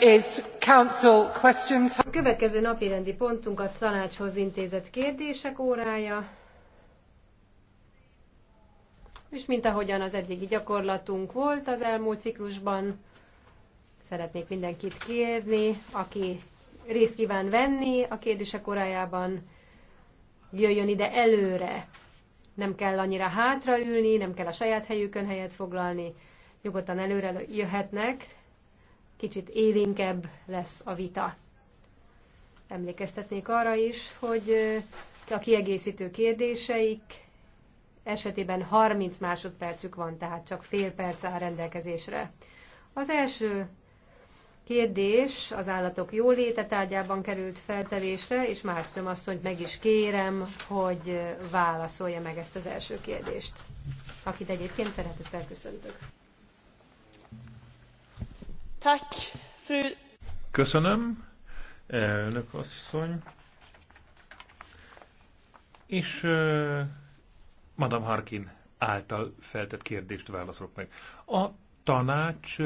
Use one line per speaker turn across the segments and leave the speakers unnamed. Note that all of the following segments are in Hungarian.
A következő napirendi pontunk a tanácshoz intézett kérdések órája. És mint ahogyan az eddigi gyakorlatunk volt az elmúlt ciklusban, szeretnék mindenkit kérni, aki részt kíván venni a kérdések órájában, jöjjön ide előre. Nem kell annyira hátraülni, nem kell a saját helyükön helyet foglalni, nyugodtan előre jöhetnek, kicsit élénkebb lesz a vita. Emlékeztetnék arra is, hogy a kiegészítő kérdéseik esetében 30 másodpercük van, tehát csak fél perc áll rendelkezésre. Az első kérdés az állatok jóléte tárgyában került feltevésre, és azt asszonyt meg is kérem, hogy válaszolja meg ezt az első kérdést, akit egyébként szeretettel köszöntök.
Köszönöm, elnök asszony. És uh, Madame Harkin által feltett kérdést válaszolok meg. A tanács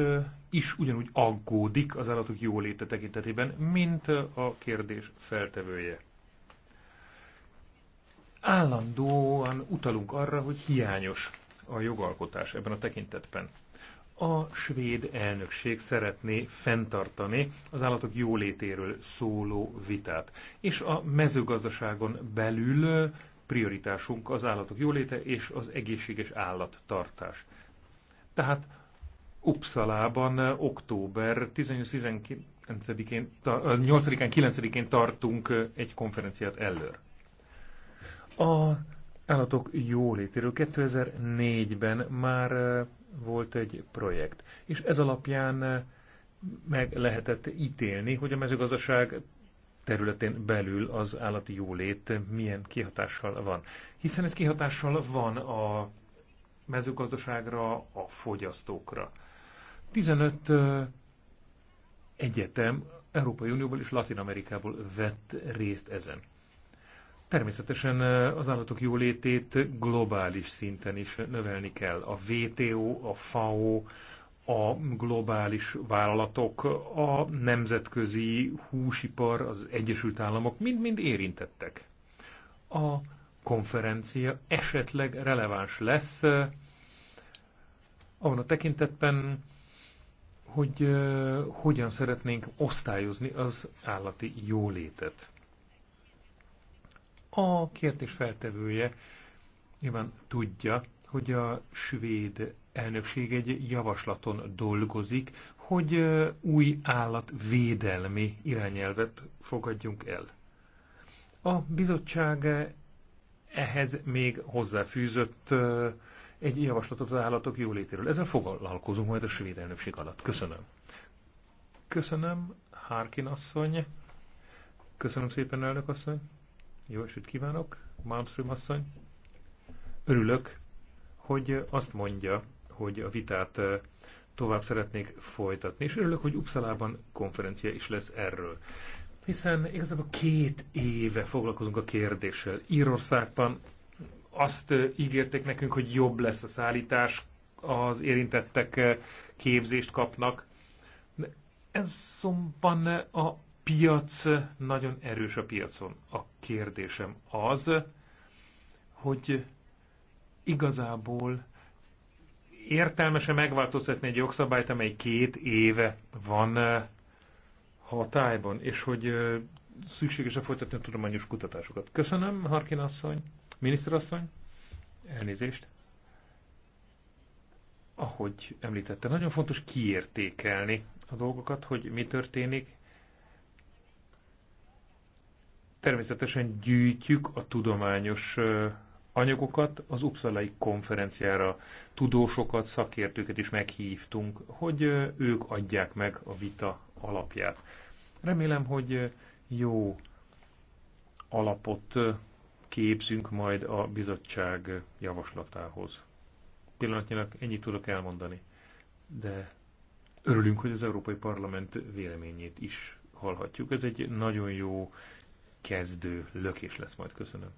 is ugyanúgy aggódik az állatok jóléte tekintetében, mint a kérdés feltevője. Állandóan utalunk arra, hogy hiányos a jogalkotás ebben a tekintetben. A svéd elnökség szeretné fenntartani az állatok jólétéről szóló vitát, és a mezőgazdaságon belül prioritásunk az állatok jóléte és az egészséges állattartás. Tehát Uppsalában október 18-19-én 8-án, 9-én tartunk egy konferenciát előr. A állatok jólétéről. 2004-ben már volt egy projekt, és ez alapján meg lehetett ítélni, hogy a mezőgazdaság területén belül az állati jólét milyen kihatással van. Hiszen ez kihatással van a mezőgazdaságra, a fogyasztókra. 15 egyetem Európai Unióból és Latin Amerikából vett részt ezen. Természetesen az állatok jólétét globális szinten is növelni kell. A WTO, a FAO, a globális vállalatok, a nemzetközi húsipar, az Egyesült Államok mind-mind érintettek. A konferencia esetleg releváns lesz abban a tekintetben, hogy hogyan szeretnénk osztályozni az állati jólétet. A kérdés feltevője nyilván tudja, hogy a svéd elnökség egy javaslaton dolgozik, hogy új állatvédelmi irányelvet fogadjunk el. A bizottság ehhez még hozzáfűzött egy javaslatot az állatok jólétéről. Ezzel foglalkozunk majd a svéd elnökség alatt. Köszönöm. Köszönöm, Harkin asszony. Köszönöm szépen, elnök asszony. Jó esőt kívánok, Malmström asszony. Örülök, hogy azt mondja, hogy a vitát tovább szeretnék folytatni, és örülök, hogy Uppsalában konferencia is lesz erről. Hiszen igazából két éve foglalkozunk a kérdéssel. Írországban azt ígérték nekünk, hogy jobb lesz a szállítás, az érintettek képzést kapnak. Ez szomban a piac nagyon erős a piacon. A kérdésem az, hogy igazából értelmesen megváltoztatni egy jogszabályt, amely két éve van hatályban, és hogy szükséges a folytatni a tudományos kutatásokat. Köszönöm, Harkin asszony, miniszterasszony, elnézést. Ahogy említette, nagyon fontos kiértékelni a dolgokat, hogy mi történik, természetesen gyűjtjük a tudományos anyagokat az Uppsalai konferenciára. Tudósokat, szakértőket is meghívtunk, hogy ők adják meg a vita alapját. Remélem, hogy jó alapot képzünk majd a bizottság javaslatához. Pillanatnyilag ennyit tudok elmondani, de örülünk, hogy az Európai Parlament véleményét is hallhatjuk. Ez egy nagyon jó kezdő lökés lesz majd. Köszönöm.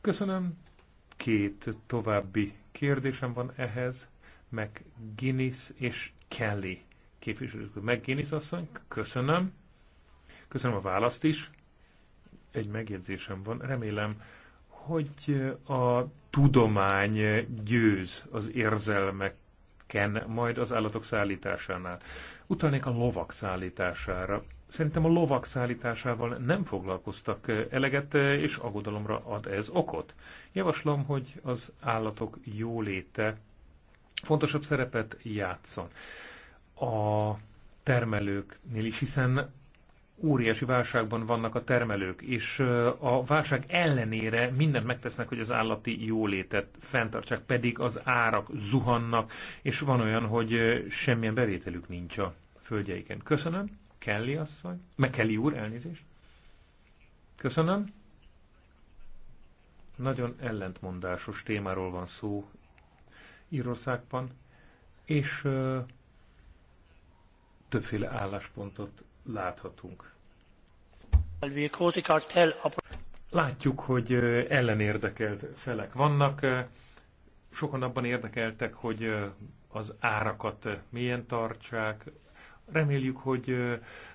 Köszönöm. Két további kérdésem van ehhez, meg Guinness és Kelly képviselők. Meg Guinness asszony, köszönöm. Köszönöm a választ is. Egy megjegyzésem van. Remélem, hogy a tudomány győz az érzelmek majd az állatok szállításánál. Utalnék a lovak szállítására. Szerintem a lovak szállításával nem foglalkoztak eleget, és aggodalomra ad ez okot. Javaslom, hogy az állatok jóléte fontosabb szerepet játszon a termelőknél is, hiszen óriási válságban vannak a termelők, és a válság ellenére mindent megtesznek, hogy az állati jólétet fenntartsák, pedig az árak zuhannak, és van olyan, hogy semmilyen bevételük nincs a földjeiken. Köszönöm. Kelly asszony, meg Kelly úr, elnézést. Köszönöm. Nagyon ellentmondásos témáról van szó Írországban, és ö, többféle álláspontot láthatunk. Látjuk, hogy ellenérdekelt felek vannak. Sokan abban érdekeltek, hogy az árakat milyen tartsák, Reméljük, hogy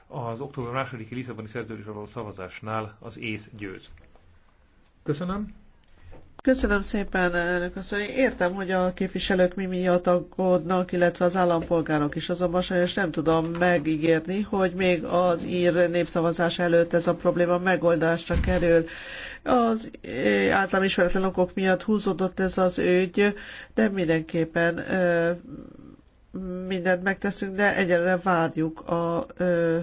az október második Lisszaboni szerződés való szavazásnál az ész győz. Köszönöm.
Köszönöm szépen, elnök asszony. Értem, hogy a képviselők mi miatt aggódnak, illetve az állampolgárok is, azonban sajnos nem tudom megígérni, hogy még az ír népszavazás előtt ez a probléma megoldásra kerül. Az eh, általam ismeretlen okok miatt húzódott ez az ügy, de mindenképpen eh, mindent megteszünk, de egyelőre várjuk a ö,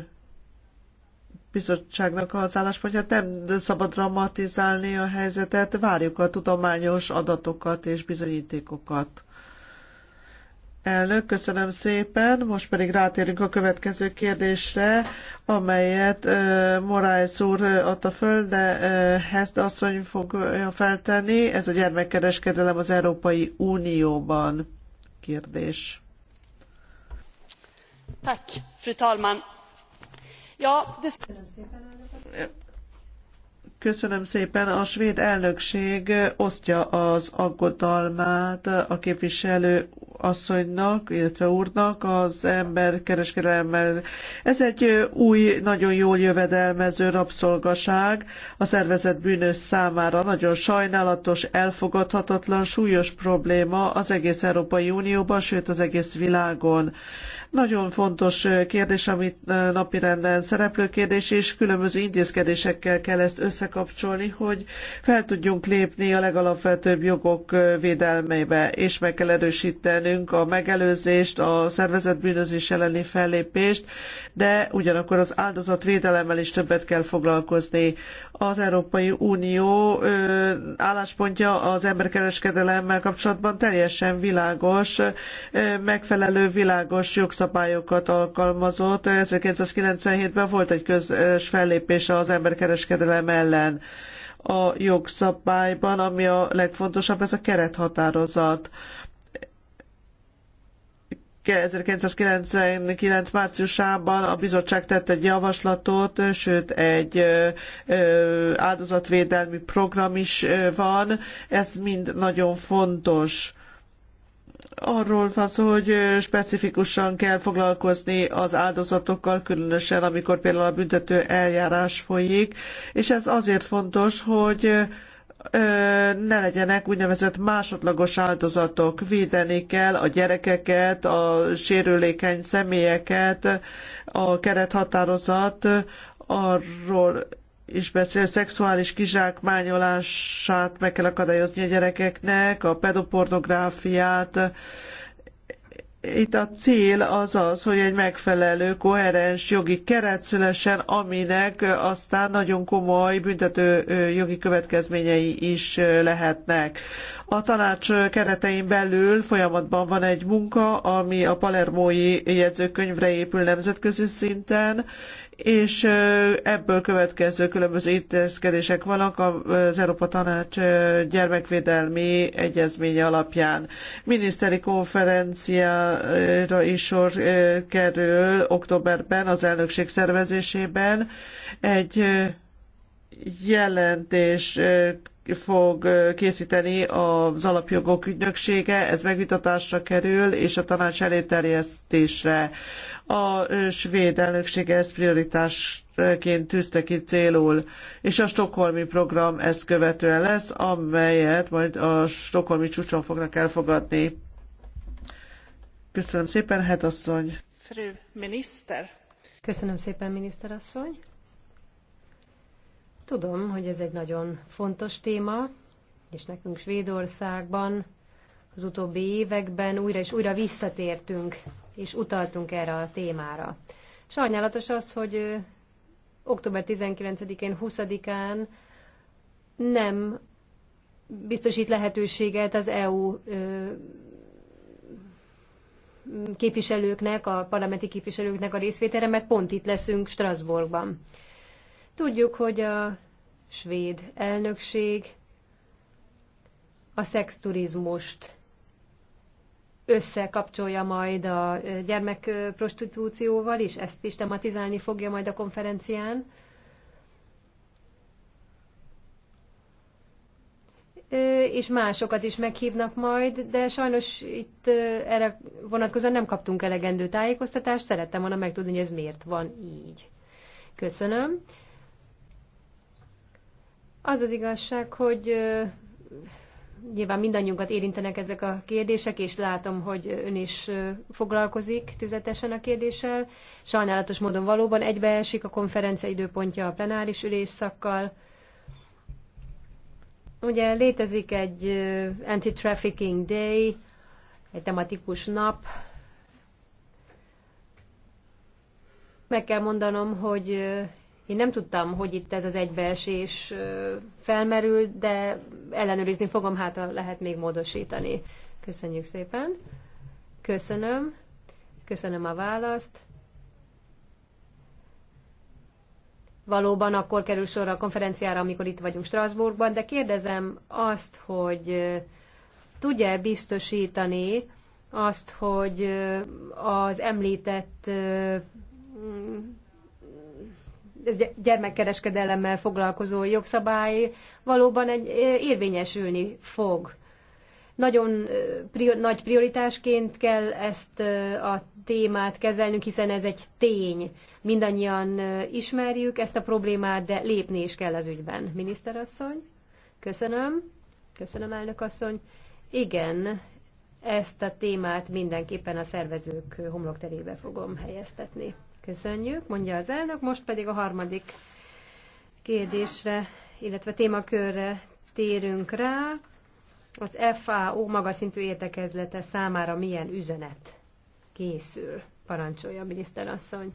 bizottságnak az álláspontját. Nem szabad dramatizálni a helyzetet, várjuk a tudományos adatokat és bizonyítékokat. Elnök, köszönöm szépen. Most pedig rátérünk a következő kérdésre, amelyet uh, Moraes úr adta föl, de uh, Hest asszony fogja feltenni. Ez a gyermekkereskedelem az Európai Unióban kérdés
fru talman!
Köszönöm szépen. A svéd elnökség osztja az aggodalmát a képviselő asszonynak, illetve úrnak az emberkereskedelemmel. Ez egy új, nagyon jól jövedelmező rabszolgaság a szervezet bűnös számára. Nagyon sajnálatos, elfogadhatatlan, súlyos probléma az egész Európai Unióban, sőt az egész világon. Nagyon fontos kérdés, amit napirenden szereplő kérdés, és különböző intézkedésekkel kell ezt összekapcsolni, hogy fel tudjunk lépni a legalapvetőbb jogok védelmébe, és meg kell erősítenünk a megelőzést, a szervezett bűnözés elleni fellépést, de ugyanakkor az áldozatvédelemmel is többet kell foglalkozni. Az Európai Unió álláspontja az emberkereskedelemmel kapcsolatban teljesen világos, megfelelő világos jogszabályok szabályokat alkalmazott. 1997-ben volt egy közös fellépése az emberkereskedelem ellen. A jogszabályban, ami a legfontosabb, ez a kerethatározat. 1999 márciusában a bizottság tett egy javaslatot, sőt egy áldozatvédelmi program is van. Ez mind nagyon fontos arról van szó, hogy specifikusan kell foglalkozni az áldozatokkal, különösen amikor például a büntető eljárás folyik, és ez azért fontos, hogy ne legyenek úgynevezett másodlagos áldozatok. Védeni kell a gyerekeket, a sérülékeny személyeket, a kerethatározat arról is beszél, szexuális kizsákmányolását meg kell akadályozni a gyerekeknek, a pedopornográfiát. Itt a cél az az, hogy egy megfelelő, koherens jogi keret szülessen, aminek aztán nagyon komoly büntető jogi következményei is lehetnek. A tanács keretein belül folyamatban van egy munka, ami a palermói jegyzőkönyvre épül nemzetközi szinten, és ebből következő különböző intézkedések vannak az Európa Tanács gyermekvédelmi egyezménye alapján. Miniszteri konferenciára is sor kerül októberben az elnökség szervezésében egy jelentés fog készíteni az alapjogok ügynöksége, ez megvitatásra kerül, és a tanács eléterjesztésre. A svéd elnökség ezt prioritásként tűzte ki célul, és a stokholmi program ezt követően lesz, amelyet majd a stokholmi csúcson fognak elfogadni. Köszönöm szépen, Hedasszony!
Fru miniszter! Köszönöm szépen, asszony. Tudom, hogy ez egy nagyon fontos téma, és nekünk Svédországban az utóbbi években újra és újra visszatértünk, és utaltunk erre a témára. Sajnálatos az, hogy október 19-én, 20-án nem biztosít lehetőséget az EU képviselőknek, a parlamenti képviselőknek a részvételre, mert pont itt leszünk Strasbourgban. Tudjuk, hogy a svéd elnökség a szexturizmust összekapcsolja majd a gyermekprostitúcióval is, ezt is tematizálni fogja majd a konferencián. És másokat is meghívnak majd, de sajnos itt erre vonatkozóan nem kaptunk elegendő tájékoztatást, szerettem volna megtudni, hogy ez miért van így. Köszönöm. Az az igazság, hogy nyilván mindannyiunkat érintenek ezek a kérdések, és látom, hogy ön is foglalkozik tüzetesen a kérdéssel. Sajnálatos módon valóban egybeesik a konferencia időpontja a plenáris ülésszakkal. Ugye létezik egy Anti-Trafficking Day, egy tematikus nap. Meg kell mondanom, hogy én nem tudtam, hogy itt ez az egybeesés felmerül, de ellenőrizni fogom, hát lehet még módosítani. Köszönjük szépen. Köszönöm. Köszönöm a választ. Valóban akkor kerül sor a konferenciára, amikor itt vagyunk Strasbourgban, de kérdezem azt, hogy tudja biztosítani azt, hogy az említett ez gyermekkereskedelemmel foglalkozó jogszabály valóban egy, érvényesülni fog. Nagyon prior, nagy prioritásként kell ezt a témát kezelnünk, hiszen ez egy tény. Mindannyian ismerjük ezt a problémát, de lépni is kell az ügyben. Miniszterasszony, köszönöm. Köszönöm, elnök asszony. Igen, ezt a témát mindenképpen a szervezők homlokterébe fogom helyeztetni. Köszönjük, mondja az elnök. Most pedig a harmadik kérdésre, illetve témakörre térünk rá. Az FAO magas szintű értekezlete számára milyen üzenet készül? Parancsolja a miniszterasszony.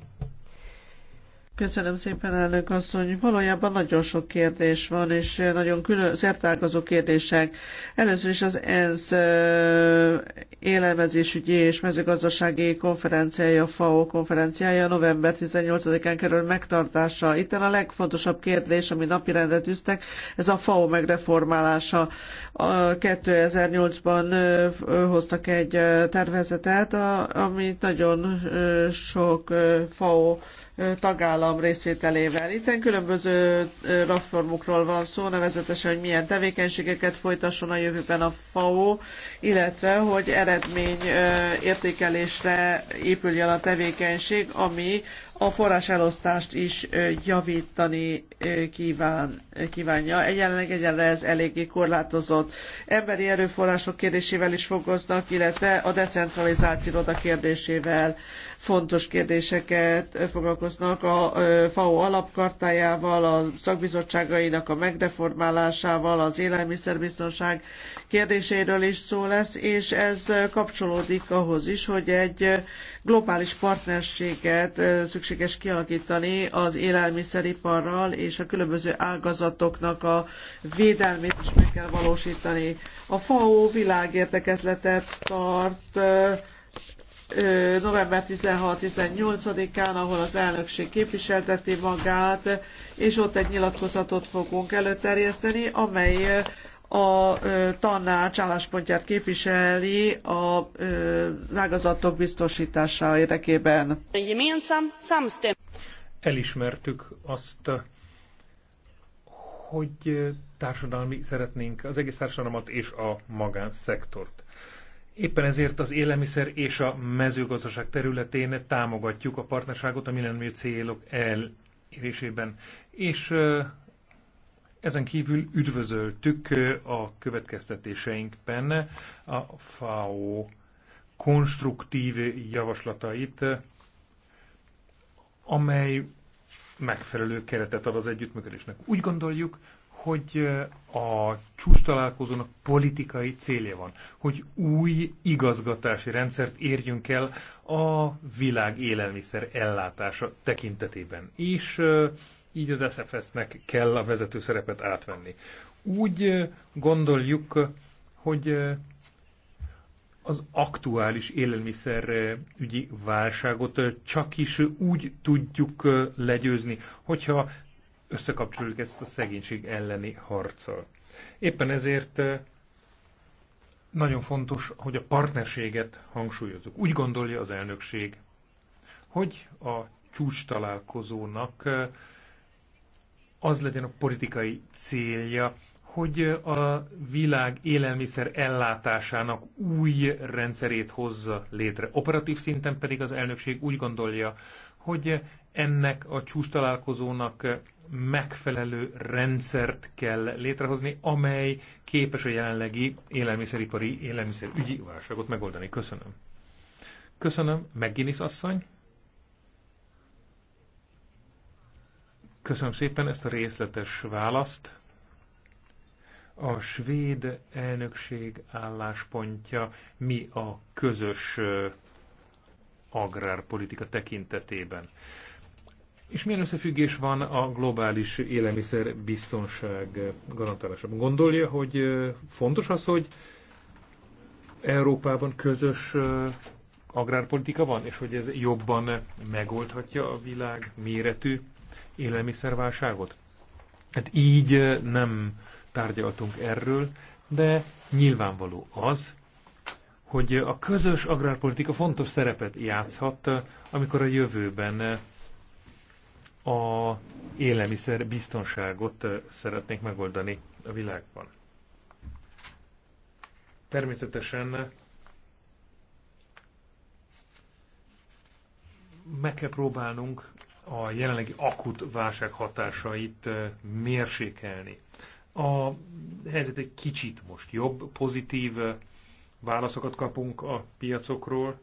Köszönöm szépen, elnök asszony. Valójában nagyon sok kérdés van, és nagyon külön, kérdések. Először is az ENSZ élelmezésügyi és mezőgazdasági konferenciája, FAO konferenciája november 18-án kerül megtartásra. Itten a legfontosabb kérdés, ami napirendre tűztek, ez a FAO megreformálása. 2008-ban hoztak egy tervezetet, amit nagyon sok FAO tagállam részvételével. Itten különböző platformokról van szó, nevezetesen, hogy milyen tevékenységeket folytasson a jövőben a FAO, illetve, hogy eredmény értékelésre épüljön a tevékenység, ami a forráselosztást is javítani kíván, kívánja. Egyenleg egyenre ez eléggé korlátozott. Emberi erőforrások kérdésével is fogoznak, illetve a decentralizált iroda kérdésével fontos kérdéseket foglalkoznak a FAO alapkartájával, a szakbizottságainak a megreformálásával, az élelmiszerbiztonság kérdéséről is szó lesz, és ez kapcsolódik ahhoz is, hogy egy globális partnerséget szükséges kialakítani az élelmiszeriparral és a különböző ágazatoknak a védelmét is meg kell valósítani. A FAO világértekezletet tart november 16-18-án, ahol az elnökség képviselteti magát, és ott egy nyilatkozatot fogunk előterjeszteni, amely a tanács álláspontját képviseli a ágazatok biztosítása érdekében.
Elismertük azt, hogy társadalmi szeretnénk az egész társadalmat és a magánszektort. Éppen ezért az élelmiszer és a mezőgazdaság területén támogatjuk a partnerságot a millenniumi célok elérésében. És ezen kívül üdvözöltük a következtetéseinkben a FAO konstruktív javaslatait, amely megfelelő keretet ad az együttműködésnek. Úgy gondoljuk, hogy a csúcs találkozónak politikai célja van, hogy új igazgatási rendszert érjünk el a világ élelmiszer ellátása tekintetében. És így az SFS-nek kell a vezető szerepet átvenni. Úgy gondoljuk, hogy az aktuális élelmiszer ügyi válságot csak is úgy tudjuk legyőzni, hogyha összekapcsoljuk ezt a szegénység elleni harccal. Éppen ezért eh, nagyon fontos, hogy a partnerséget hangsúlyozzuk. Úgy gondolja az elnökség, hogy a csúcs találkozónak eh, az legyen a politikai célja, hogy eh, a világ élelmiszer ellátásának új rendszerét hozza létre. Operatív szinten pedig az elnökség úgy gondolja, hogy ennek a csúcs találkozónak megfelelő rendszert kell létrehozni, amely képes a jelenlegi élelmiszeripari, élelmiszerügyi válságot megoldani. Köszönöm. Köszönöm, McGinnis asszony. Köszönöm szépen ezt a részletes választ. A svéd elnökség álláspontja mi a közös agrárpolitika tekintetében. És milyen összefüggés van a globális élelmiszerbiztonság garantálásában? Gondolja, hogy fontos az, hogy Európában közös agrárpolitika van, és hogy ez jobban megoldhatja a világ méretű élelmiszerválságot? Hát így nem tárgyaltunk erről, de nyilvánvaló az, hogy a közös agrárpolitika fontos szerepet játszhat, amikor a jövőben a élelmiszer biztonságot szeretnék megoldani a világban. Természetesen meg kell próbálnunk a jelenlegi akut válság hatásait mérsékelni. A helyzet egy kicsit most jobb, pozitív válaszokat kapunk a piacokról,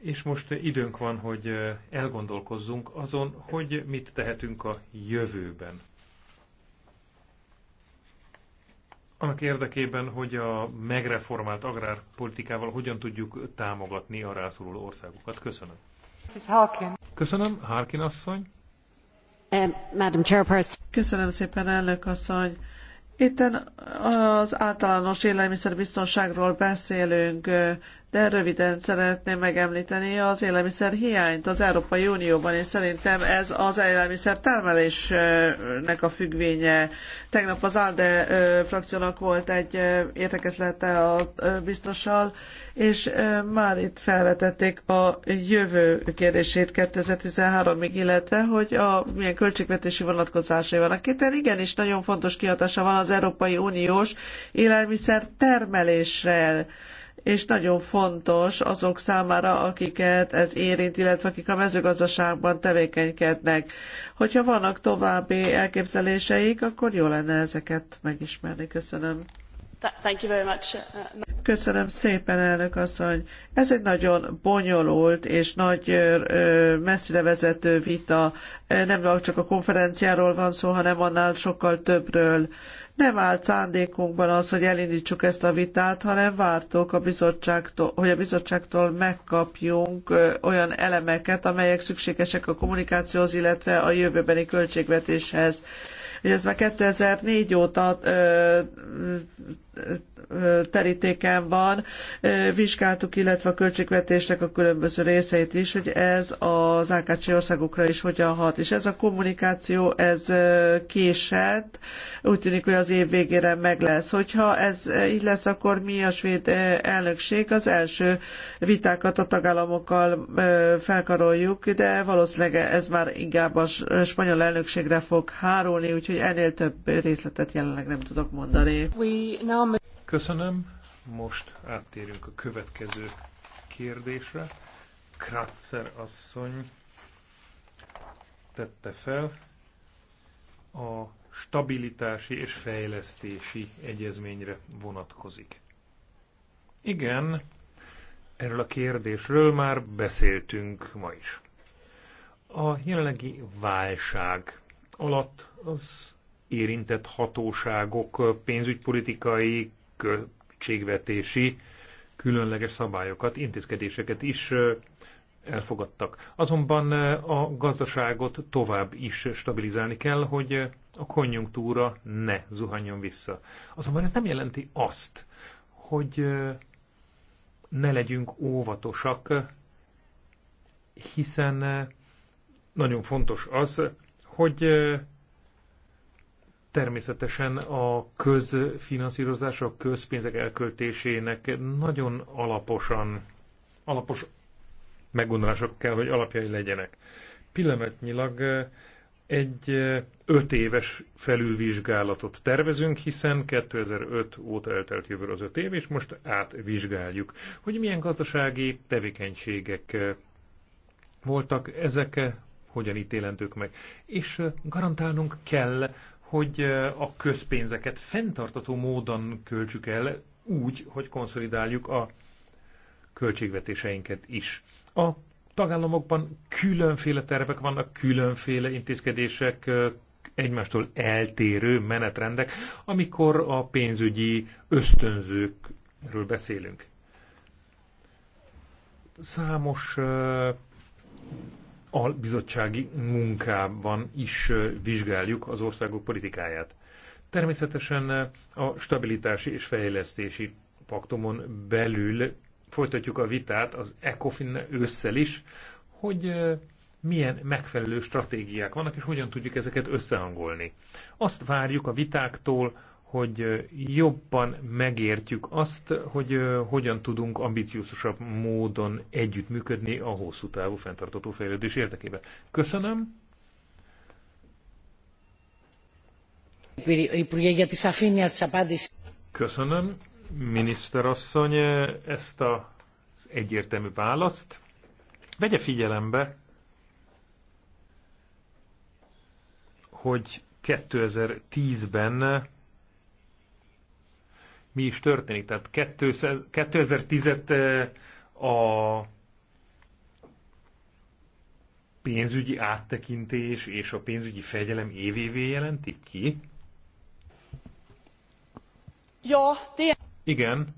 és most időnk van, hogy elgondolkozzunk azon, hogy mit tehetünk a jövőben. Annak érdekében, hogy a megreformált agrárpolitikával hogyan tudjuk támogatni a rászoruló országokat. Köszönöm. Harkin. Köszönöm, Harkin asszony.
Eh, Madam Chairperson. Köszönöm szépen, elnök asszony. Itten az általános élelmiszerbiztonságról beszélünk, de röviden szeretném megemlíteni az élelmiszer hiányt az Európai Unióban, és szerintem ez az élelmiszer termelésnek a függvénye. Tegnap az ALDE frakciónak volt egy értekezlete a biztossal, és már itt felvetették a jövő kérdését 2013-ig, illetve hogy a milyen költségvetési vonatkozásai vannak. Itt igenis nagyon fontos kihatása van az Európai Uniós élelmiszer termelésre és nagyon fontos azok számára, akiket ez érint, illetve akik a mezőgazdaságban tevékenykednek. Hogyha vannak további elképzeléseik, akkor jó lenne ezeket megismerni. Köszönöm. Köszönöm szépen, elnök asszony. Ez egy nagyon bonyolult és nagy messzire vezető vita. Nem csak a konferenciáról van szó, hanem annál sokkal többről nem állt szándékunkban az, hogy elindítsuk ezt a vitát, hanem vártuk, a bizottságtól, hogy a bizottságtól megkapjunk olyan elemeket, amelyek szükségesek a kommunikációhoz, illetve a jövőbeni költségvetéshez. Ugye ez már 2004 óta ö, terítéken van. Vizsgáltuk, illetve a költségvetésnek a különböző részeit is, hogy ez az AKC országokra is hogyan hat. És ez a kommunikáció, ez késett, úgy tűnik, hogy az év végére meg lesz. Hogyha ez így lesz, akkor mi a svéd elnökség az első vitákat a tagállamokkal felkaroljuk, de valószínűleg ez már inkább a spanyol elnökségre fog hárulni, úgyhogy ennél több részletet jelenleg nem tudok mondani.
We now
Köszönöm.
Most áttérünk a következő kérdésre. Kratzer asszony tette fel a stabilitási és fejlesztési egyezményre vonatkozik. Igen, erről a kérdésről már beszéltünk ma is. A jelenlegi válság alatt az érintett hatóságok pénzügypolitikai, költségvetési különleges szabályokat, intézkedéseket is elfogadtak. Azonban a gazdaságot tovább is stabilizálni kell, hogy a konjunktúra ne zuhanjon vissza. Azonban ez nem jelenti azt, hogy ne legyünk óvatosak, hiszen nagyon fontos az, hogy Természetesen a közfinanszírozás, a közpénzek elköltésének nagyon alaposan, alapos meggondolások kell, hogy alapjai legyenek. Pillanatnyilag eh, egy eh, öt éves felülvizsgálatot tervezünk, hiszen 2005 óta eltelt jövőre az öt év, és most átvizsgáljuk, hogy milyen gazdasági tevékenységek eh, voltak ezek, hogyan ítélendők meg. És garantálnunk kell, hogy a közpénzeket fenntartató módon költsük el, úgy, hogy konszolidáljuk a költségvetéseinket is. A tagállamokban különféle tervek vannak, különféle intézkedések, egymástól eltérő menetrendek, amikor a pénzügyi ösztönzőkről beszélünk. Számos bizottsági munkában is vizsgáljuk az országok politikáját. Természetesen a stabilitási és fejlesztési paktumon belül folytatjuk a vitát az ECOFIN ősszel is, hogy milyen megfelelő stratégiák vannak, és hogyan tudjuk ezeket összehangolni. Azt várjuk a vitáktól, hogy jobban megértjük azt, hogy hogyan tudunk ambiciózusabb módon együttműködni a hosszú távú fenntartató fejlődés érdekében. Köszönöm. Köszönöm, miniszterasszony, ezt az egyértelmű választ. Vegye figyelembe, hogy 2010-ben mi is történik. Tehát 2010-et eh, a pénzügyi áttekintés és a pénzügyi fegyelem évévé jelenti ki? Ja, de... Igen.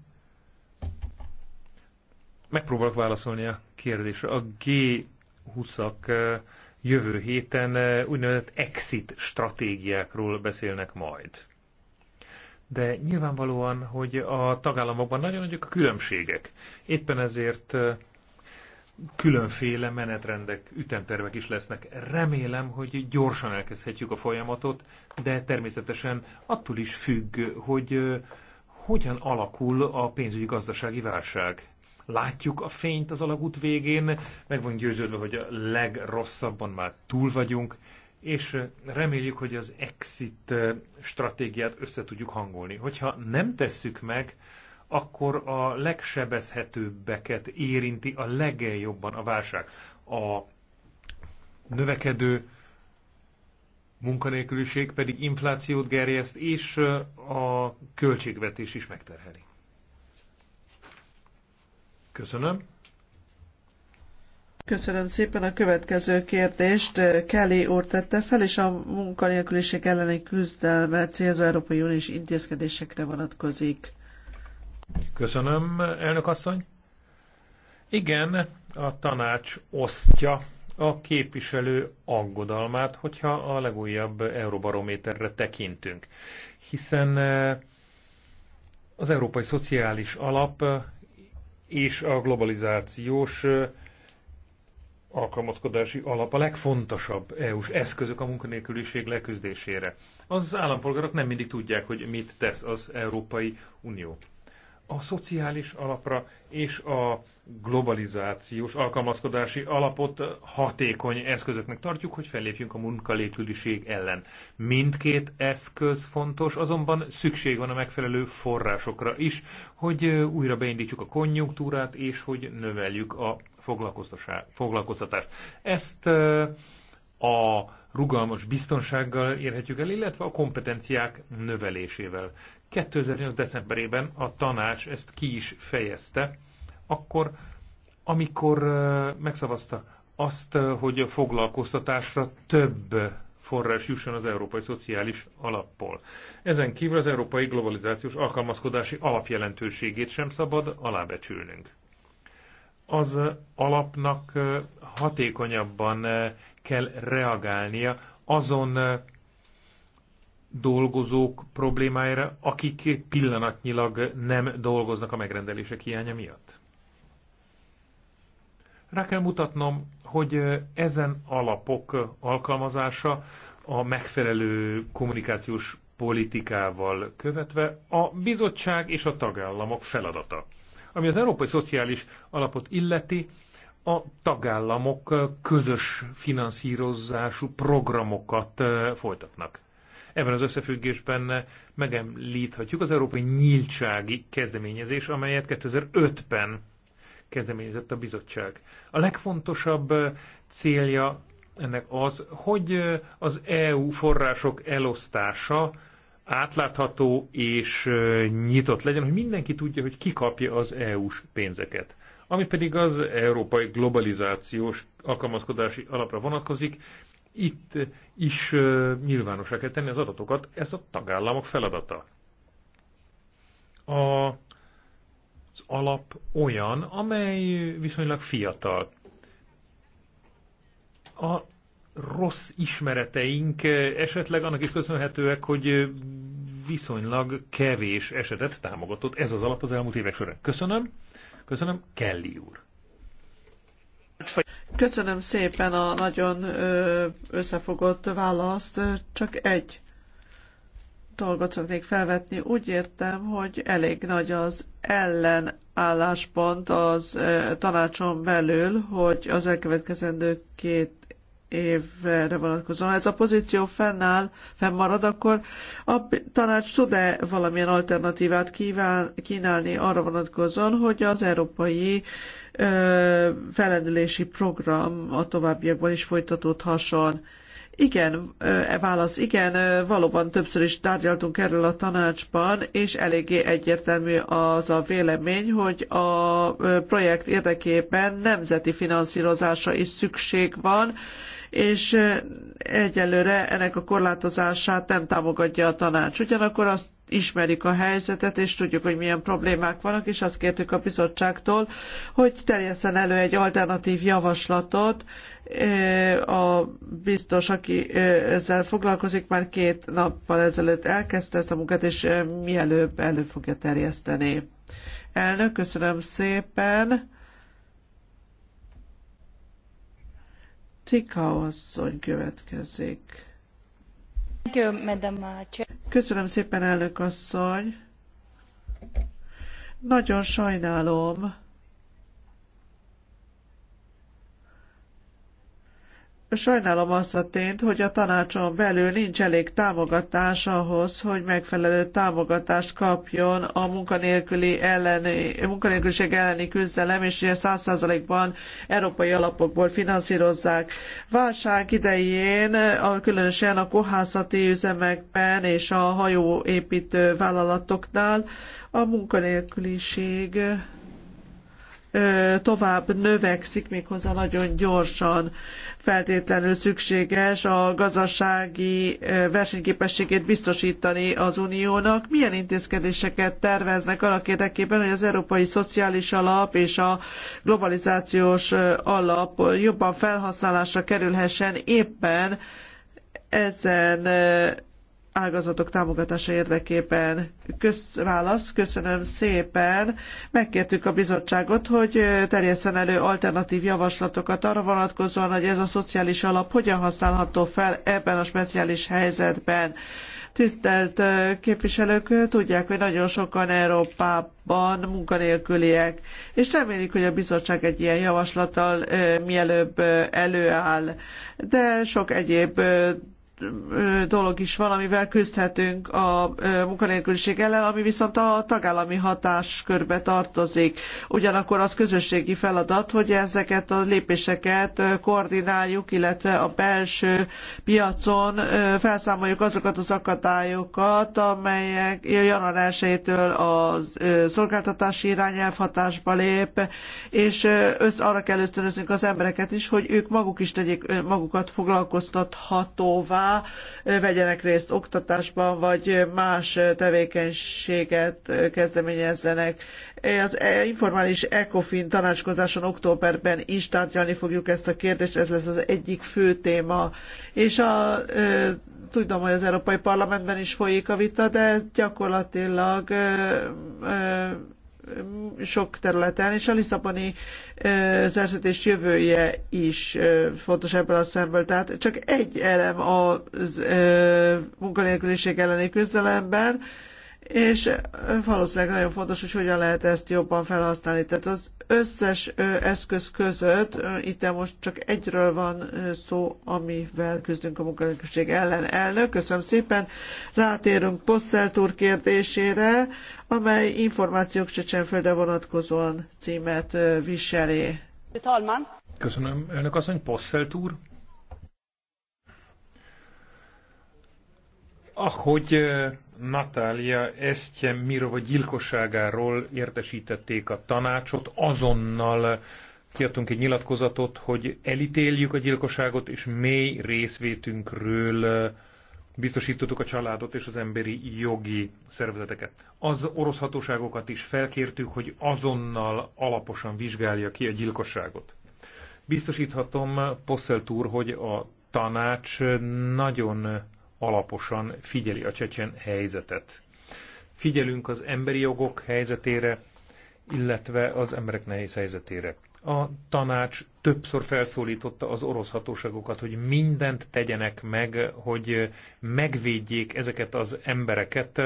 Megpróbálok válaszolni a kérdésre. A G20-ak eh, jövő héten eh, úgynevezett exit stratégiákról beszélnek majd de nyilvánvalóan, hogy a tagállamokban nagyon nagyok a különbségek. Éppen ezért különféle menetrendek, ütemtervek is lesznek. Remélem, hogy gyorsan elkezdhetjük a folyamatot, de természetesen attól is függ, hogy hogyan alakul a pénzügyi gazdasági válság. Látjuk a fényt az alagút végén, meg van győződve, hogy a legrosszabban már túl vagyunk, és reméljük, hogy az exit stratégiát össze tudjuk hangolni. Hogyha nem tesszük meg, akkor a legsebezhetőbbeket érinti a legeljobban a válság. A növekedő munkanélküliség pedig inflációt gerjeszt, és a költségvetés is megterheli. Köszönöm.
Köszönöm szépen a következő kérdést. Eh, Kelly úr tette fel, és a munkanélküliség elleni küzdelme célzó Európai Uniós
intézkedésekre vonatkozik. Köszönöm, elnök asszony. Igen, a tanács osztja a képviselő aggodalmát, hogyha a legújabb Euróbarométerre tekintünk. Hiszen eh, az Európai Szociális Alap eh, és a globalizációs alkalmazkodási alap a legfontosabb EU-s eszközök a munkanélküliség leküzdésére. Az állampolgárok nem mindig tudják, hogy mit tesz az Európai Unió. A szociális alapra és a globalizációs alkalmazkodási alapot hatékony eszközöknek tartjuk, hogy fellépjünk a munkanélküliség ellen. Mindkét eszköz fontos, azonban szükség van a megfelelő forrásokra is, hogy újra beindítsuk a konjunktúrát és hogy növeljük a foglalkoztatás. Ezt a rugalmas biztonsággal érhetjük el, illetve a kompetenciák növelésével. 2008. decemberében a tanács ezt ki is fejezte, akkor, amikor megszavazta azt, hogy a foglalkoztatásra több forrás jusson az Európai Szociális Alappól. Ezen kívül az Európai Globalizációs Alkalmazkodási Alapjelentőségét sem szabad alábecsülnünk az alapnak hatékonyabban kell reagálnia azon dolgozók problémáira, akik pillanatnyilag nem dolgoznak a megrendelések hiánya miatt. Rá kell mutatnom, hogy ezen alapok alkalmazása a megfelelő kommunikációs politikával követve a bizottság és a tagállamok feladata. Ami az Európai Szociális Alapot illeti, a tagállamok közös finanszírozású programokat folytatnak. Ebben az összefüggésben megemlíthatjuk az Európai Nyíltsági Kezdeményezés, amelyet 2005-ben kezdeményezett a bizottság. A legfontosabb célja ennek az, hogy az EU források elosztása átlátható és nyitott legyen, hogy mindenki tudja, hogy ki kapja az EU-s pénzeket. Ami pedig az európai globalizációs alkalmazkodási alapra vonatkozik, itt is nyilvánosra kell tenni az adatokat, ez a tagállamok feladata. A, az alap olyan, amely viszonylag fiatal. A rossz ismereteink eh, esetleg annak is köszönhetőek, hogy eh, viszonylag kevés esetet támogatott ez az alap az elmúlt évek során. Köszönöm. Köszönöm, Kelly úr.
Köszönöm szépen a nagyon összefogott választ. Csak egy dolgot szoknék felvetni. Úgy értem, hogy elég nagy az ellenálláspont az tanácson belül, hogy az elkövetkezendő két évre vonatkozóan ez a pozíció fennáll, fennmarad, akkor a tanács tud-e valamilyen alternatívát kíván, kínálni arra vonatkozóan, hogy az európai ö, felendülési program a továbbiakban is folytatódhasson. Igen, e válasz, igen, valóban többször is tárgyaltunk erről a tanácsban, és eléggé egyértelmű az a vélemény, hogy a projekt érdekében nemzeti finanszírozása is szükség van, és egyelőre ennek a korlátozását nem támogatja a tanács. Ugyanakkor azt ismerjük a helyzetet, és tudjuk, hogy milyen problémák vannak, és azt kértük a bizottságtól, hogy terjeszen elő egy alternatív javaslatot. A biztos, aki ezzel foglalkozik, már két nappal ezelőtt elkezdte ezt a munkát, és mielőbb elő fogja terjeszteni. Elnök, köszönöm szépen! Tika asszony következik. Uh, Köszönöm szépen, elnök asszony. Nagyon sajnálom, Sajnálom azt a tényt, hogy a tanácson belül nincs elég támogatás ahhoz, hogy megfelelő támogatást kapjon a munkanélküli elleni, munkanélküliség elleni küzdelem, és ugye 100%-ban európai alapokból finanszírozzák. Válság idején, a, különösen a kohászati üzemekben és a hajóépítő vállalatoknál a munkanélküliség tovább növekszik méghozzá nagyon gyorsan. Feltétlenül szükséges a gazdasági versenyképességét biztosítani az uniónak. Milyen intézkedéseket terveznek annak érdekében, hogy az Európai Szociális Alap és a globalizációs alap jobban felhasználásra kerülhessen éppen ezen ágazatok támogatása érdekében. Kösz, válasz, köszönöm szépen. Megkértük a bizottságot, hogy terjesszen elő alternatív javaslatokat arra vonatkozóan, hogy ez a szociális alap hogyan használható fel ebben a speciális helyzetben. Tisztelt képviselők, tudják, hogy nagyon sokan Európában munkanélküliek, és remélik, hogy a bizottság egy ilyen javaslattal mielőbb előáll, de sok egyéb dolog is valamivel küzdhetünk a munkanélküliség ellen, ami viszont a tagállami hatáskörbe tartozik. Ugyanakkor az közösségi feladat, hogy ezeket a lépéseket koordináljuk, illetve a belső piacon felszámoljuk azokat az akadályokat, amelyek január 1-től a szolgáltatási irányelv hatásba lép, és össz, arra kell ösztönöznünk az embereket is, hogy ők maguk is tegyék magukat foglalkoztathatóvá, vegyenek részt oktatásban, vagy más tevékenységet kezdeményezzenek. Az e, informális ECOFIN tanácskozáson októberben is tárgyalni fogjuk ezt a kérdést, ez lesz az egyik fő téma. És a tudom, hogy az Európai Parlamentben is folyik a vita, de gyakorlatilag sok területen, és a Lisszaboni szerződés jövője is fontos ebből a szemből. Tehát csak egy elem a munkanélküliség elleni küzdelemben, és valószínűleg nagyon fontos, hogy hogyan lehet ezt jobban felhasználni. Tehát az összes eszköz között, itt most csak egyről van szó, amivel küzdünk a munkanélküliség ellen. Elnök, köszönöm szépen. Rátérünk Posszelt úr kérdésére, amely információk Csecsenföldre vonatkozóan címet
viseli. Köszönöm, elnök asszony, Posszelt úr. Ahogy Natália Esztye Mirova gyilkosságáról értesítették a tanácsot, azonnal kiadtunk egy nyilatkozatot, hogy elítéljük a gyilkosságot, és mély részvétünkről biztosítottuk a családot és az emberi jogi szervezeteket. Az orosz hatóságokat is felkértük, hogy azonnal alaposan vizsgálja ki a gyilkosságot. Biztosíthatom Posselt úr, hogy a tanács nagyon alaposan figyeli a csecsen helyzetet. Figyelünk az emberi jogok helyzetére, illetve az emberek nehéz helyzetére. A tanács többször felszólította az orosz hatóságokat, hogy mindent tegyenek meg, hogy megvédjék ezeket az embereket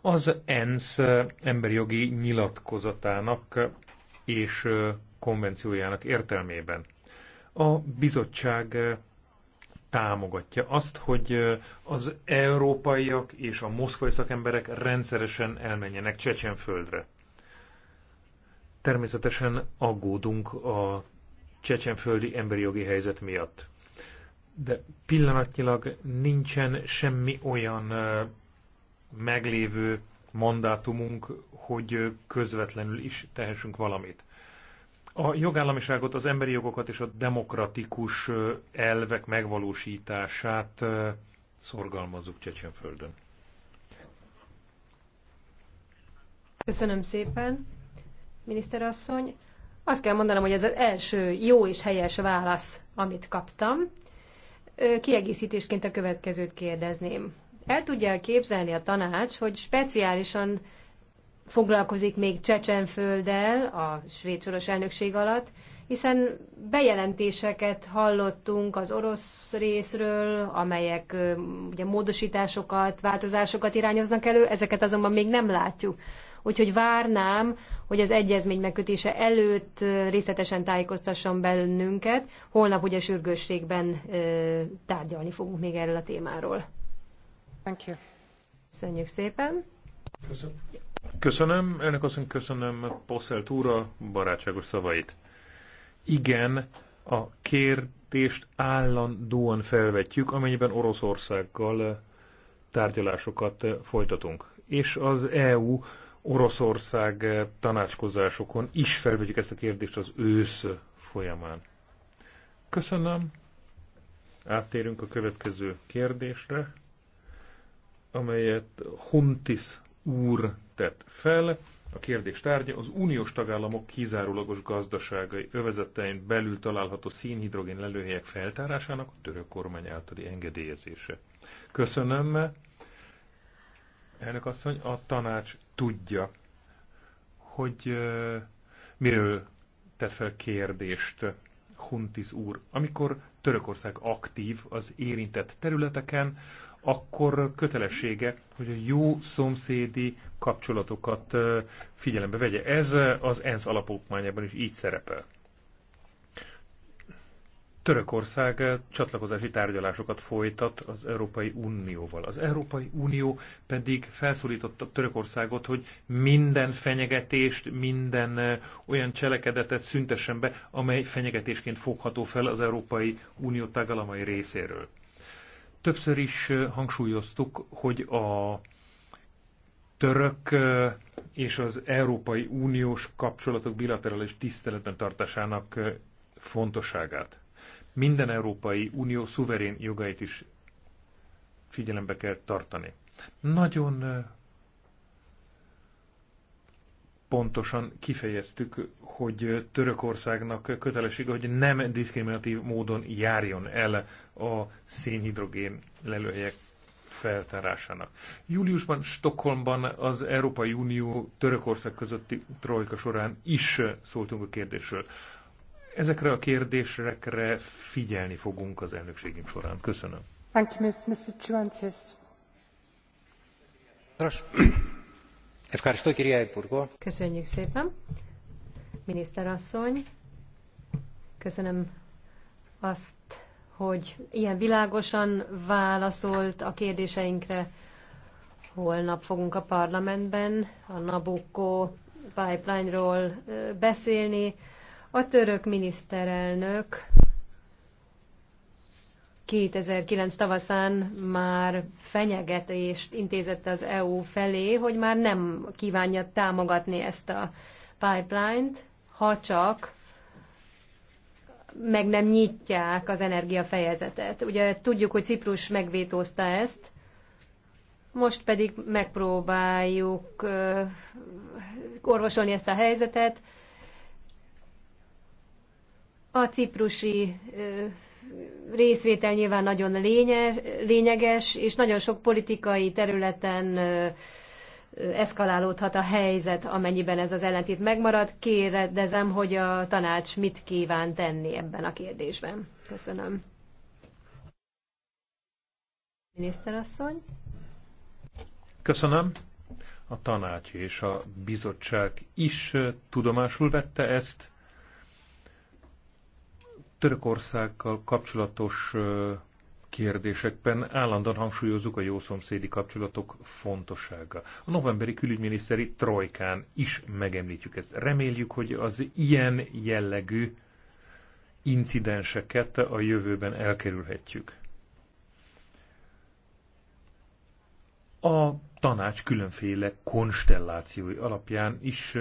az ENSZ emberi jogi nyilatkozatának és konvenciójának értelmében. A bizottság támogatja azt, hogy az európaiak és a moszkvai szakemberek rendszeresen elmenjenek Csecsenföldre. Természetesen aggódunk a csecsenföldi emberi jogi helyzet miatt. De pillanatnyilag nincsen semmi olyan meglévő mandátumunk, hogy közvetlenül is tehessünk valamit a jogállamiságot, az emberi jogokat és a demokratikus elvek megvalósítását szorgalmazzuk Csecsenföldön.
Köszönöm szépen, miniszterasszony. Azt kell mondanom, hogy ez az első jó és helyes válasz, amit kaptam. Kiegészítésként a következőt kérdezném. El tudja képzelni a tanács, hogy speciálisan foglalkozik még Csecsenfölddel a svéd soros elnökség alatt, hiszen bejelentéseket hallottunk az orosz részről, amelyek ugye módosításokat, változásokat irányoznak elő, ezeket azonban még nem látjuk. Úgyhogy várnám, hogy az egyezmény megkötése előtt részletesen tájékoztasson bennünket. Holnap ugye sürgősségben tárgyalni fogunk még erről a témáról. Thank you. Köszönjük szépen.
Köszönöm. Köszönöm, elnök asszony, köszönöm Posselt úra barátságos szavait. Igen, a kérdést állandóan felvetjük, amennyiben Oroszországgal tárgyalásokat folytatunk. És az EU Oroszország tanácskozásokon is felvetjük ezt a kérdést az ősz folyamán. Köszönöm. Áttérünk a következő kérdésre, amelyet Huntis úr tett fel. A kérdés tárgya az uniós tagállamok kizárólagos gazdaságai övezetein belül található szénhidrogén lelőhelyek feltárásának a török kormány általi engedélyezése. Köszönöm, elnök asszony, a tanács tudja, hogy uh, miről tett fel kérdést Huntis úr. Amikor Törökország aktív az érintett területeken, akkor kötelessége, hogy a jó szomszédi kapcsolatokat figyelembe vegye. Ez az ENSZ alapokmányában is így szerepel. Törökország csatlakozási tárgyalásokat folytat az Európai Unióval. Az Európai Unió pedig felszólította Törökországot, hogy minden fenyegetést, minden olyan cselekedetet szüntessen be, amely fenyegetésként fogható fel az Európai Unió tagállamai részéről. Többször is hangsúlyoztuk, hogy a török és az Európai Uniós kapcsolatok bilaterális tiszteletben tartásának fontosságát. Minden Európai Unió szuverén jogait is figyelembe kell tartani. Nagyon pontosan kifejeztük, hogy Törökországnak kötelessége, hogy nem diszkriminatív módon járjon el a szénhidrogén lelőhelyek feltárásának. Júliusban Stockholmban az Európai Unió Törökország közötti trojka során is szóltunk a kérdésről. Ezekre a kérdésekre figyelni fogunk az elnökségünk során. Köszönöm. Thank you, Mr.
Köszönjük szépen. Miniszterasszony, köszönöm azt, hogy ilyen világosan válaszolt a kérdéseinkre. Holnap fogunk a parlamentben a Nabucco pipeline-ról beszélni. A török miniszterelnök 2009 tavaszán már fenyegetést intézett az EU felé, hogy már nem kívánja támogatni ezt a pipeline-t, ha csak meg nem nyitják az energiafejezetet. Ugye tudjuk, hogy Ciprus megvétózta ezt, most pedig megpróbáljuk orvosolni ezt a helyzetet. A ciprusi részvétel nyilván nagyon lényes, lényeges, és nagyon sok politikai területen eszkalálódhat a helyzet, amennyiben ez az ellentét megmarad. Kérdezem, hogy a tanács mit kíván tenni ebben a kérdésben. Köszönöm. Miniszterasszony.
Köszönöm. A tanács és a bizottság is tudomásul vette ezt, Törökországgal kapcsolatos kérdésekben állandóan hangsúlyozzuk a jószomszédi kapcsolatok fontossága. A novemberi külügyminiszteri trojkán is megemlítjük ezt. Reméljük, hogy az ilyen jellegű incidenseket a jövőben elkerülhetjük. A tanács különféle konstellációi alapján is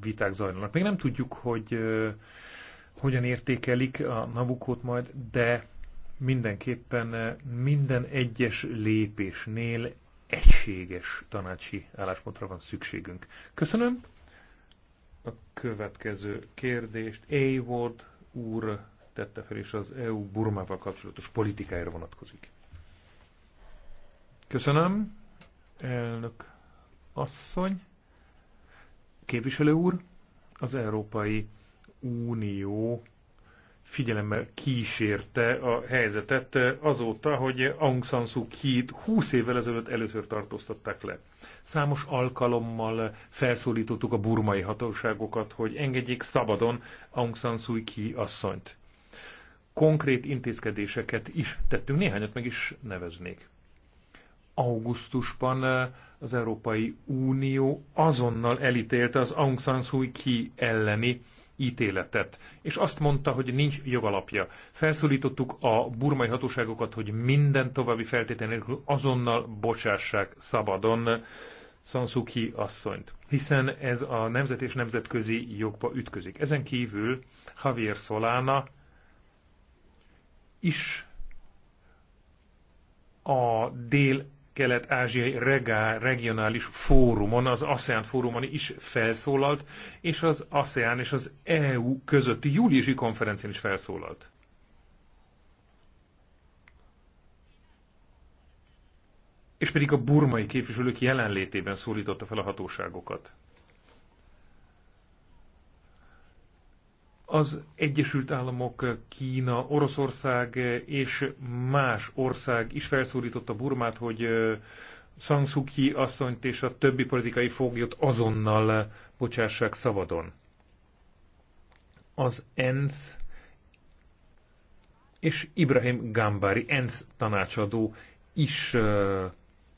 viták zajlanak. Még nem tudjuk, hogy hogyan értékelik a Nabukót majd, de mindenképpen eh, minden egyes lépésnél egységes tanácsi álláspontra van szükségünk. Köszönöm. A következő kérdést Eivord úr tette fel, és az EU Burmával kapcsolatos politikájára vonatkozik. Köszönöm, elnök asszony, képviselő úr, az európai Unió figyelemmel kísérte a helyzetet eh, azóta, hogy Aung San Suu Kyi-t 20 évvel ezelőtt először tartóztatták le. Számos alkalommal felszólítottuk a burmai hatóságokat, hogy engedjék szabadon Aung San Suu Kyi asszonyt. Konkrét intézkedéseket is tettünk, néhányat meg is neveznék. Augusztusban eh, az Európai Unió azonnal elítélte az Aung San Suu Kyi elleni ítéletet, és azt mondta, hogy nincs jogalapja. Felszólítottuk a burmai hatóságokat, hogy minden további feltétel nélkül azonnal bocsássák szabadon Sansuki asszonyt, hiszen ez a nemzet és nemzetközi jogba ütközik. Ezen kívül Javier Solana is a dél kelet-ázsiai regionális fórumon, az ASEAN fórumon is felszólalt, és az ASEAN és az EU közötti júliusi konferencián is felszólalt. És pedig a burmai képviselők jelenlétében szólította fel a hatóságokat. az Egyesült Államok, Kína, Oroszország és más ország is felszólította Burmát, hogy Sang Suu Kyi asszonyt és a többi politikai foglyot azonnal bocsássák szabadon. Az ENSZ és Ibrahim Gambari ENSZ tanácsadó is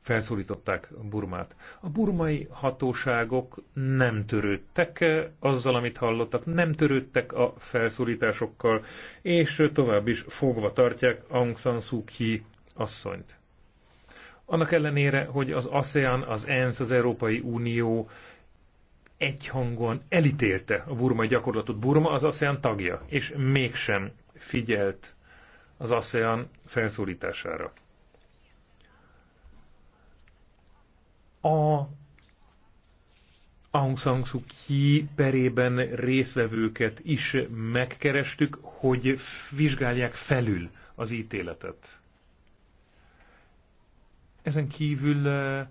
felszólították Burmát. A burmai hatóságok nem törődtek eh, azzal, amit hallottak, nem törődtek a felszólításokkal, és tovább is fogva tartják Aung San Suu Kyi asszonyt. Annak ellenére, hogy az ASEAN, az ENSZ, az Európai Unió egyhangon elítélte a burmai gyakorlatot. Burma az ASEAN tagja, és mégsem figyelt az ASEAN felszólítására. a Aung San Suu Kyi perében részvevőket is megkerestük, hogy vizsgálják felül az ítéletet. Ezen kívül eh,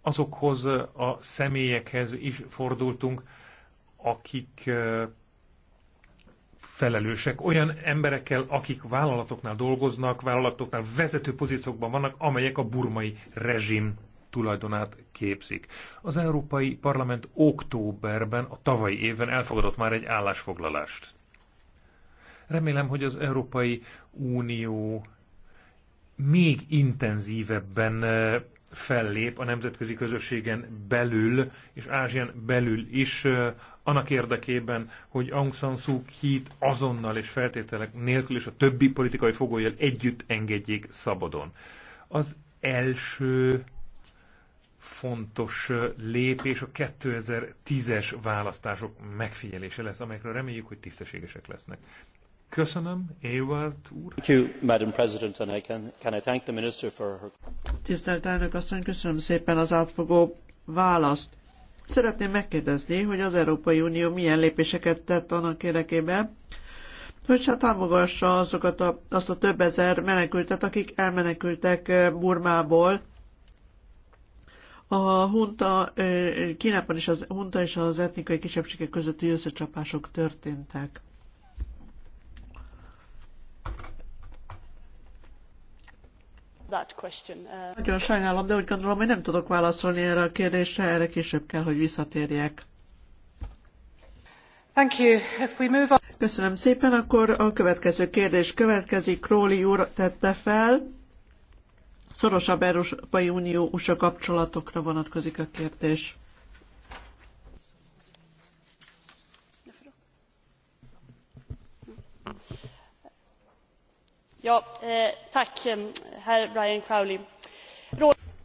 azokhoz a személyekhez is fordultunk, akik eh, felelősek, olyan emberekkel, akik vállalatoknál dolgoznak, vállalatoknál vezető pozíciókban vannak, amelyek a burmai rezsim tulajdonát képzik. Az Európai Parlament októberben, a tavalyi évben elfogadott már egy állásfoglalást. Remélem, hogy az Európai Unió még intenzívebben eh, fellép a nemzetközi közösségen belül, és Ázsián belül is, eh, annak érdekében, hogy Aung San Suu Kyi-t azonnal és feltételek nélkül és a többi politikai fogójel együtt engedjék szabadon. Az első fontos lépés a 2010-es választások megfigyelése lesz, amelyekről reméljük, hogy tisztességesek lesznek. Köszönöm, Ewald úr. Thank thank you, Madam President. Can can I I the minister
Tisztelt elnök asszony, köszönöm szépen az átfogó választ. Szeretném megkérdezni, hogy az Európai Unió milyen lépéseket tett annak érdekében, hogy se támogassa azokat a, azt a több ezer menekültet, akik elmenekültek Burmából, a hunta, Kínában is az hunta és az etnikai kisebbségek közötti összecsapások történtek.
Uh,
Nagyon sajnálom, de úgy gondolom, hogy nem tudok válaszolni erre a kérdésre, erre később kell, hogy visszatérjek. Thank you. If we move on... Köszönöm szépen, akkor a következő kérdés következik. Króli úr tette fel szorosabb Európai Unió-USA kapcsolatokra vonatkozik a kérdés. Ja, eh, tack, eh, herr Brian Crowley.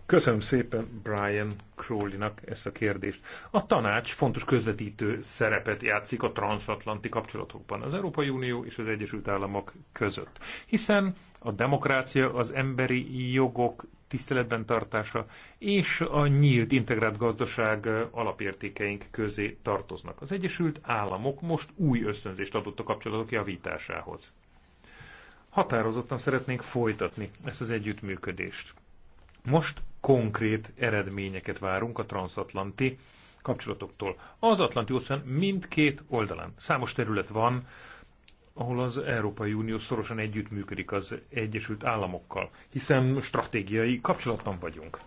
Köszönöm szépen Brian Crowley-nak ezt a kérdést. A tanács fontos közvetítő szerepet játszik a transatlanti kapcsolatokban az Európai Unió és az Egyesült Államok között, hiszen a demokrácia, az emberi jogok tiszteletben tartása és a nyílt integrált gazdaság alapértékeink közé tartoznak. Az Egyesült Államok most új ösztönzést adott a kapcsolatok javításához. Határozottan szeretnénk folytatni ezt az együttműködést most konkrét eredményeket várunk a transatlanti kapcsolatoktól. Az Atlanti óceán mindkét oldalán. Számos terület van, ahol az Európai Unió szorosan együttműködik az Egyesült Államokkal, hiszen stratégiai kapcsolatban vagyunk.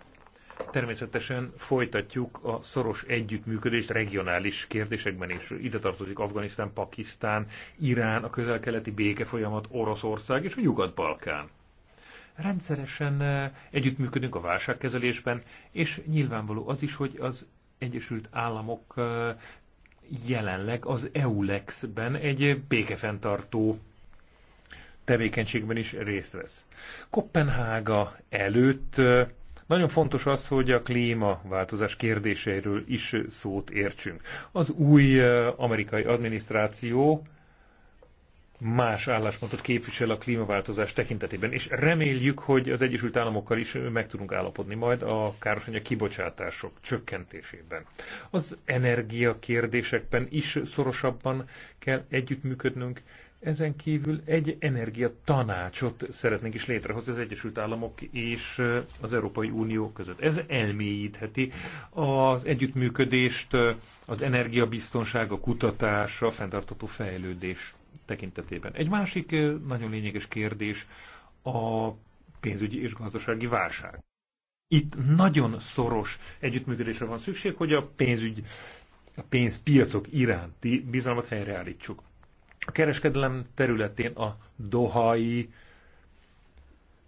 Természetesen folytatjuk a szoros együttműködést regionális kérdésekben is. Ide tartozik Afganisztán, Pakisztán, Irán, a közel-keleti békefolyamat, Oroszország és a Nyugat-Balkán. Rendszeresen eh, együttműködünk a válságkezelésben, és nyilvánvaló az is, hogy az Egyesült Államok eh, jelenleg az EULEX-ben egy békefenntartó tevékenységben is részt vesz. Kopenhága előtt eh, nagyon fontos az, hogy a klímaváltozás kérdéseiről is szót értsünk. Az új amerikai adminisztráció más álláspontot képvisel a klímaváltozás tekintetében, és reméljük, hogy az Egyesült Államokkal is meg tudunk állapodni majd a károsanyag kibocsátások csökkentésében. Az energia kérdésekben is szorosabban kell együttműködnünk, ezen kívül egy energiatanácsot szeretnénk is létrehozni az Egyesült Államok és az Európai Unió között. Ez elmélyítheti az együttműködést, az energiabiztonság, a kutatás, a fenntartató fejlődés tekintetében. Egy másik nagyon lényeges kérdés a pénzügyi és gazdasági válság. Itt nagyon szoros együttműködésre van szükség, hogy a pénzügy, a pénzpiacok iránti bizalmat helyreállítsuk. A kereskedelem területén a dohai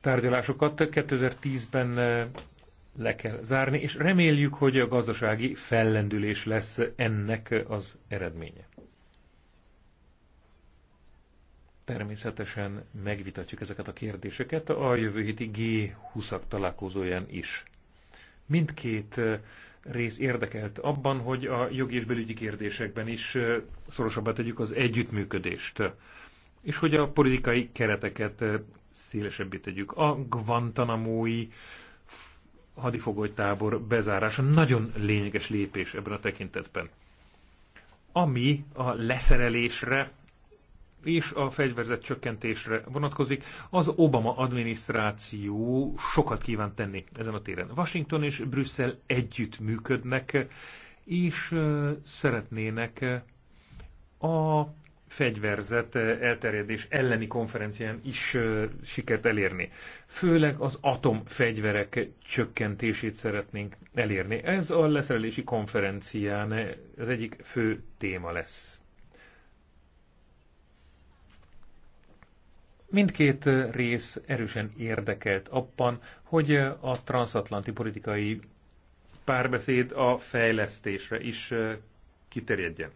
tárgyalásokat 2010-ben le kell zárni, és reméljük, hogy a gazdasági fellendülés lesz ennek az eredménye természetesen megvitatjuk ezeket a kérdéseket a jövő héti G20-ak találkozóján is. Mindkét eh, rész érdekelt abban, hogy a jogi és belügyi kérdésekben is eh, szorosabbá tegyük az együttműködést, és hogy a politikai kereteket eh, szélesebbé tegyük. A Guantanamo-i hadifogolytábor bezárása nagyon lényeges lépés ebben a tekintetben ami a leszerelésre és a fegyverzet csökkentésre vonatkozik. Az Obama adminisztráció sokat kíván tenni ezen a téren. Washington és Brüsszel együtt működnek, és szeretnének a fegyverzet elterjedés elleni konferencián is sikert elérni. Főleg az atomfegyverek csökkentését szeretnénk elérni. Ez a leszerelési konferencián az egyik fő téma lesz. Mindkét rész erősen érdekelt abban, hogy a transatlanti politikai párbeszéd a fejlesztésre is kiterjedjen.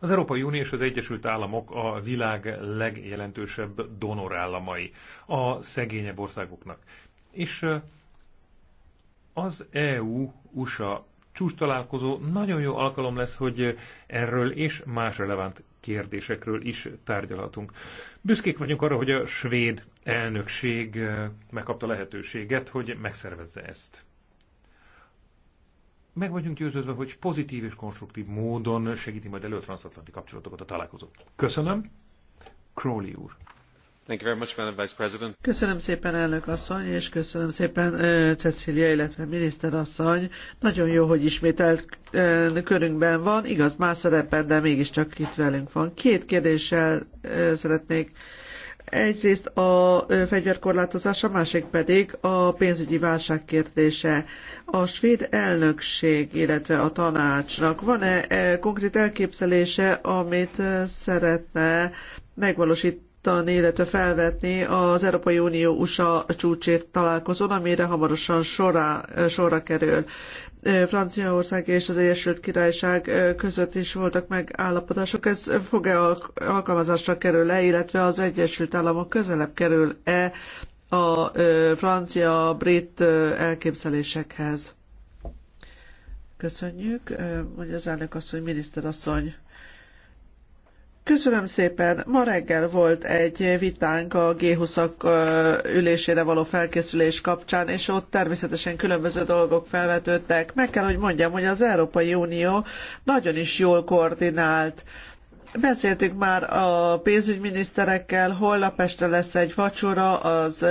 Az Európai Unió és az Egyesült Államok a világ legjelentősebb donorállamai a szegényebb országoknak. És az EU-USA csúcs találkozó nagyon jó alkalom lesz, hogy erről és más relevánt kérdésekről is tárgyalhatunk. Büszkék vagyunk arra, hogy a svéd elnökség eh, megkapta lehetőséget, hogy megszervezze ezt. Meg vagyunk győződve, hogy pozitív és konstruktív módon segíti majd elő a transatlanti kapcsolatokat a találkozót. Köszönöm. Crowley úr. Köszönöm
szépen, elnök asszony, és köszönöm szépen uh, Cecilia, illetve miniszter asszony. Nagyon jó, hogy ismételt uh, körünkben van, igaz, más szerepen, de mégiscsak itt velünk van. Két kérdéssel uh, szeretnék Egyrészt a fegyverkorlátozás, a másik pedig a pénzügyi válság kérdése. A svéd elnökség, illetve a tanácsnak van-e konkrét elképzelése, amit szeretne megvalósítani nyugodtan, illetve felvetni az Európai Unió-USA csúcsért találkozón, amire hamarosan sorra, sorra kerül. Franciaország és az Egyesült Királyság között is voltak megállapodások. Ez fog-e alkalmazásra kerül-e, illetve az Egyesült Államok közelebb kerül-e a francia-brit elképzelésekhez? Köszönjük, hogy az elnök asszony, miniszter asszony. Köszönöm szépen. Ma reggel volt egy vitánk a G20-ak ülésére való felkészülés kapcsán, és ott természetesen különböző dolgok felvetődtek. Meg kell, hogy mondjam, hogy az Európai Unió nagyon is jól koordinált. Beszéltünk már a pénzügyminiszterekkel, holnap este lesz egy vacsora az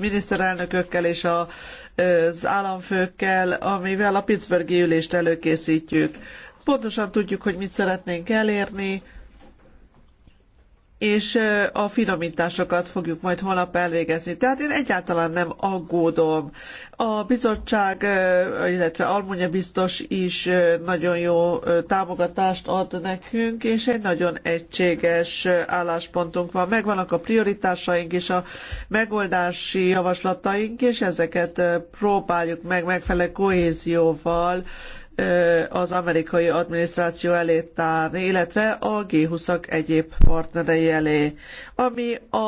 miniszterelnökökkel és az államfőkkel, amivel a Pittsburghi ülést előkészítjük. Pontosan tudjuk, hogy mit szeretnénk elérni, és a finomításokat fogjuk majd holnap elvégezni. Tehát én egyáltalán nem aggódom. A bizottság, illetve Almunya biztos is nagyon jó támogatást ad nekünk, és egy nagyon egységes álláspontunk van. Megvannak a prioritásaink és a megoldási javaslataink, és ezeket próbáljuk meg megfelelő kohézióval az amerikai adminisztráció elé tárni, illetve a G20-ak egyéb partnerei elé. Ami a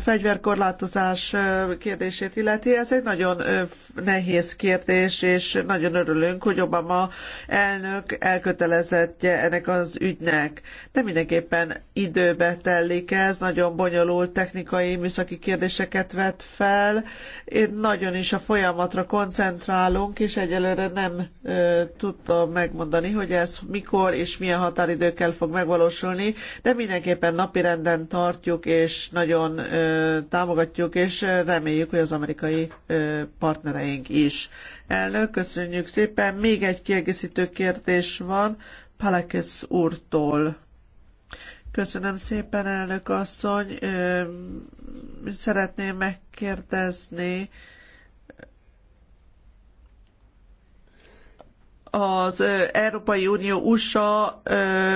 fegyverkorlátozás kérdését illeti, ez egy nagyon nehéz kérdés, és nagyon örülünk, hogy Obama elnök elkötelezettje ennek az ügynek. De mindenképpen időbe telik ez, nagyon bonyolult technikai, műszaki kérdéseket vet fel. Én nagyon is a folyamatra koncentrálunk, és egyelőre nem tudta megmondani, hogy ez mikor és milyen határidőkkel fog megvalósulni, de mindenképpen napirenden tartjuk, és nagyon támogatjuk, és reméljük, hogy az amerikai partnereink is. Elnök, köszönjük szépen. Még egy kiegészítő kérdés van Palekes úrtól. Köszönöm szépen, elnök asszony. Szeretném megkérdezni, az Európai Unió USA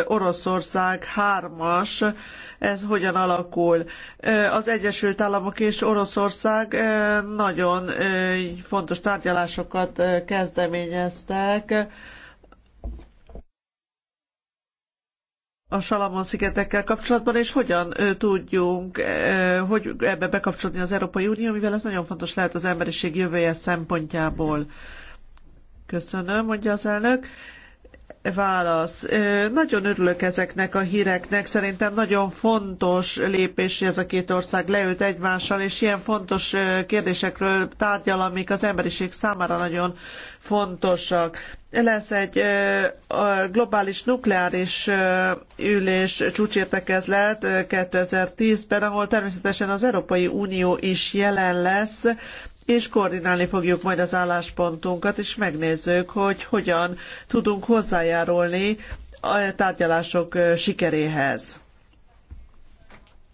Oroszország hármas, ez hogyan alakul. Az Egyesült Államok és Oroszország nagyon fontos tárgyalásokat kezdeményeztek. a Salamon szigetekkel kapcsolatban, és hogyan tudjunk hogy ebbe bekapcsolni az Európai Unió, mivel ez nagyon fontos lehet az emberiség jövője szempontjából. Köszönöm, mondja az elnök. Válasz. Nagyon örülök ezeknek a híreknek. Szerintem nagyon fontos lépés, ez a két ország leült egymással, és ilyen fontos kérdésekről tárgyal, amik az emberiség számára nagyon fontosak. Lesz egy globális nukleáris ülés csúcsértekezlet 2010-ben, ahol természetesen az Európai Unió is jelen lesz, és koordinálni fogjuk majd az álláspontunkat, és megnézzük, hogy hogyan tudunk hozzájárulni a tárgyalások sikeréhez.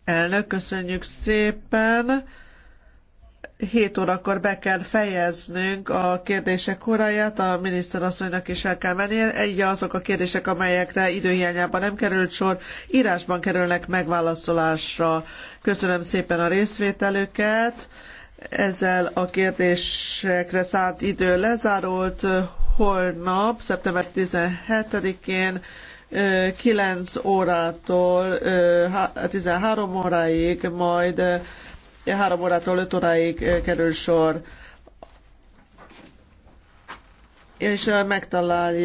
Elnök, köszönjük szépen! 7 órakor be kell fejeznünk a kérdések óráját, a miniszterasszonynak is el kell mennie. Egy azok a kérdések, amelyekre időhiányában nem került sor, írásban kerülnek megválaszolásra. Köszönöm szépen a részvételüket. Ezzel a kérdésekre szánt idő lezárult. Holnap, szeptember 17-én 9 órától 13 óráig, majd 3 órától 5 óráig kerül sor. És megtalálja